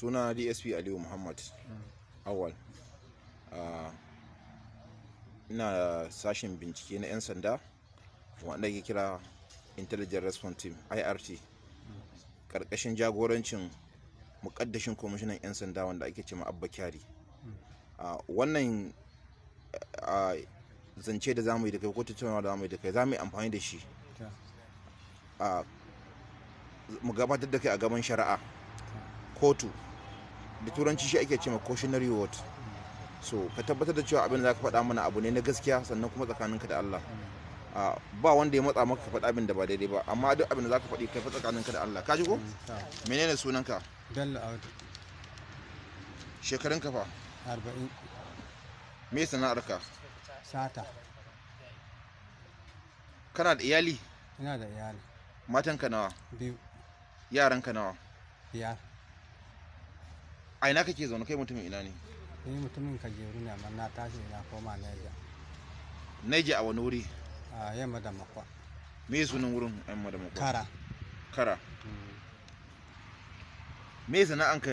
suna dsp aliyu muhammad awal ah, ina da sashen bincike na 'yan sanda wanda ke kira intelligent response team irt karkashin jagorancin mukaddashin kwamishinan 'yan sanda wanda ake ce abba kyari ah, wannan ah, zance da zamu yi da kai ko tattaunawa da zamu yi da kai zamu yi amfani da shi mu gabatar da kai a gaban shari'a kotu da turanci shi ake cewa cautionary word so ka tabbatar da cewa abin da zaka faɗa mana abu ne na gaskiya sannan kuma tsakaninka da Allah ba wanda ya matsa maka ka faɗa abin da ba daidai ba amma duk abin da zaka faɗi kai fa tsakaninka da Allah ka ji ko mm, menene sunanka Bello Audu shekarun ka fa 40 me sana'arka sata kana da iyali ina da iyali matanka nawa biyu ka nawa biyar a ina kake zaune kai mutumin ina ne ni mutumin kajeru ne amma na tashi na koma Niger Niger a wani wuri a yamma da makwa me sunan wurin yamma da makwa kara kara mm. me sana'an ka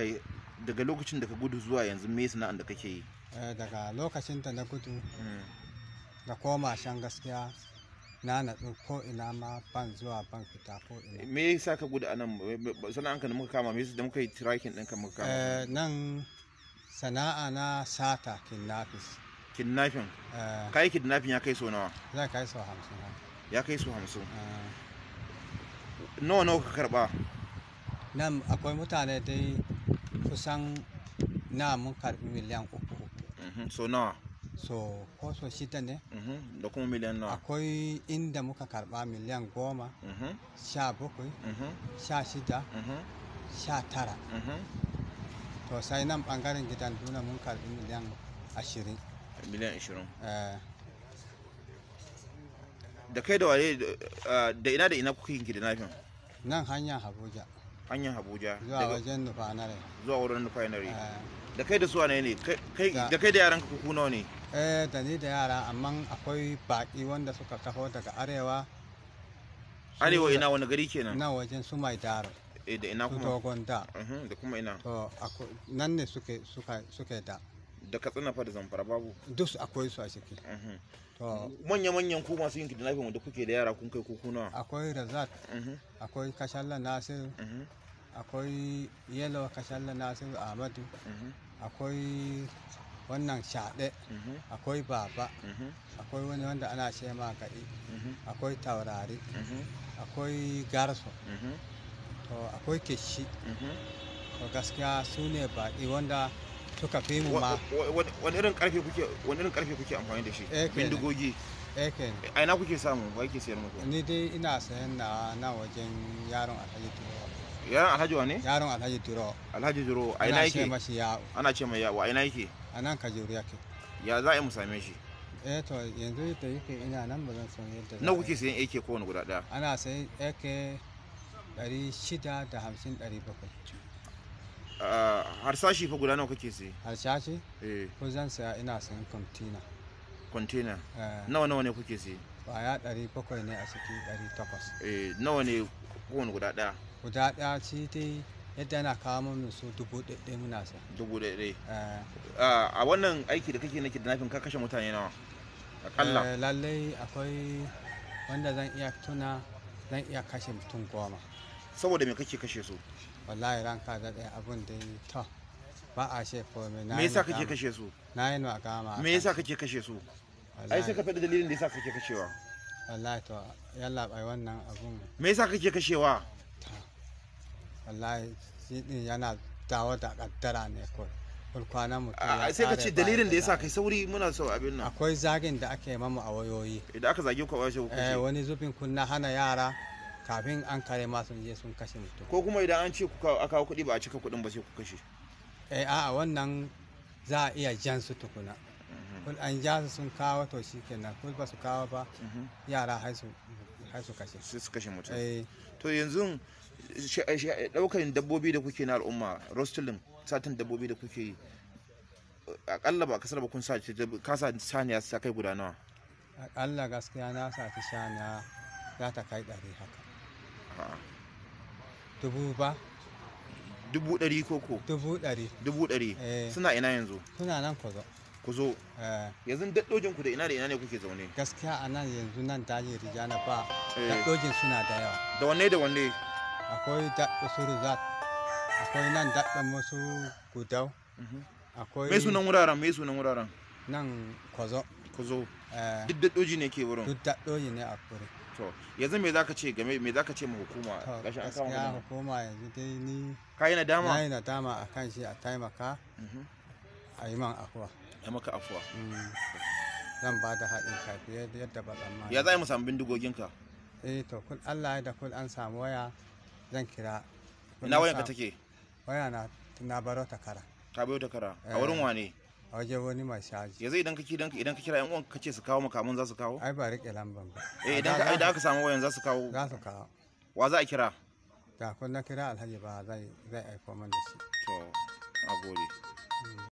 daga lokacin da ka gudu zuwa yanzu me sana'an da kake yi eh, daga lokacin da na gudu da mm. koma shan gaskiya na naɗu ko ina ma ban zuwa ban fita ko ina me yasa ka gudu anan sana'an ka da muka kama me yasa da muka yi tracking ɗin ka muka kama eh, nan sana'a na sata kidnapping kidnapping eh. ka yi kidnapping ya kai so nawa za ka kai so hamsin ya kai so hamsin eh. nawa nawa ka karba nan akwai mutane dai kusan na mun karbi miliyan uku mhm, so nawa so ko so shida ne mm-hmm. da kuma miliyan nawa akwai inda muka karba miliyan goma mm-hmm. sha bakwai mm-hmm. sha shida sha tara to sai nan bangaren gidan duna mun karbi miliyan ashirin miliyan ashirin eh. da kai da waye eh, eh, da ina da ina kuka yin kidnapping nan hanya abuja hanyar abuja zuwa wajen nufanare zuwa wurin nufanare da kai da suwa ne ne da kai da yaran kuka kuku nawa ne eh da ni da yara amma akwai baƙi wanda suka taho daga arewa arewa ina wani gari kenan na wajen su mai eh da ina kuma dogon da mhm, da kuma ina to nan ne suke suka suke da da katsina fa da zamfara babu duk akwai su a ciki mhm. to manya manyan ku masu yin kidnapping wanda kuke da yara kun kai ko kuna akwai razat mhm. akwai kashalla nasir akwai yellow kashalla nasir ahmadu akwai wannan shaɗe mhm. akwai baba mhm. akwai wani wanda ana ce ma gaɗi mhm. akwai taurari akwai garso to akwai keshi to gaskiya su ne baɗi wanda suka fi mu ma wani irin ƙarfe kuke wani irin kuke amfani da shi eh, bindigogi eh, a ina kuke samu wa yake sayar muku ni dai ina sayan na na wajen yaron alhaji turo yaron alhaji wa ne yaron alhaji turo alhaji turo a ina yake ana ce mai yawo a ina yake a nan kajeru yake ya za a yi musame shi eh to yanzu da yake ina nan ba zan san yadda na kuke sayan AK kowane guda daya ana sayan AK 650 700 harsashi fa guda nawa kake sayi? harsashi eh ko zan saya ina sayan container container eh. nawa nawa ne kuke saye kwaya 700 ne a ciki 800 eh nawa ne kowane guda daya guda daya shi dai yadda yana kawo mun su dubu ɗaiɗe muna sa dubu ɗaiɗe. Eh. Ah, a wannan aiki da kake na nafin ka kashe mutane nawa akalla eh, lallai akwai wanda zan iya tuna zan iya kashe mutum goma saboda me kake kashe su wallahi ranka da ɗaya abun da ta ba a she komai me yasa kake kashe su na yi ma gama me yasa kake kashe su ai sai ka faɗi dalilin da yasa kake kashewa wallahi to yalla bai wannan abun me yasa kake kashewa wallahi shi din yana dawo da kaddara ne kawai kulkwana mutum sai ka ce dalilin da yasa kai sauri muna so abin nan akwai zagin da ake mamu a wayoyi idan aka zage ku a wayoyi eh wani zubin kunna hana yara kafin an kare masu sun je sun kashe mutum ko kuma idan an ce ku aka kuɗi ba a cika kuɗin ba sai ku kashe eh a'a wannan za a iya jan su tukuna mhm. kul an ja su sun kawo to shikenan kul ba su kawo ba mhm. yara har su sai su kashe su su kashe mutum eh. to yanzu daukar dabbobi da kuke na al'umma rostilin satin dabbobi da kuke yi akalla ba kasar ba kun sa kasa saniya sa kai guda nawa akalla gaskiya na sa ta saniya za ta kai ɗari haka dubu ba dubu ɗari koko dubu dari dubu dari eh. suna ina yanzu suna nan kwazo ku zo eh. yanzu daddojin ku da ina da ina ne kuke zaune gaskiya a nan yanzu nan daji rijana ba eh. daddojin suna da yawa da wanne da wanne akwai daddo su rizat akwai nan daddo musu gudau mhm. akwai mai sunan wuraren mai sunan wuraren nan kwazo kwazo eh. duk daddoji ne ke wurin duk daddoji ne a kure. to yanzu me zaka ce game me zaka ce ma hukuma gashi an kama hukuma yanzu dai ni kai na dama kai na dama akan shi a taimaka mhm. a yi man afuwa ya maka afuwa mm. zan ba da haɗin kafi yadda ba tsamma ya za mu samu bindigoginka eh to kun Allah da kun an samu waya zan kira ina wayanka take waya na na baro ta kara ka baro ta kara a eh. wurin wane a waje wani mai shaji yanzu idan kake idan idan ka kira yan uwan ka ce su kawo makamun za su kawo ai ba rike lamban ba eh idan ka idan aka samu wayan za su kawo za su kawo wa za a kira da kun na kira alhaji ba zai zai aiko man da shi to a gode mm.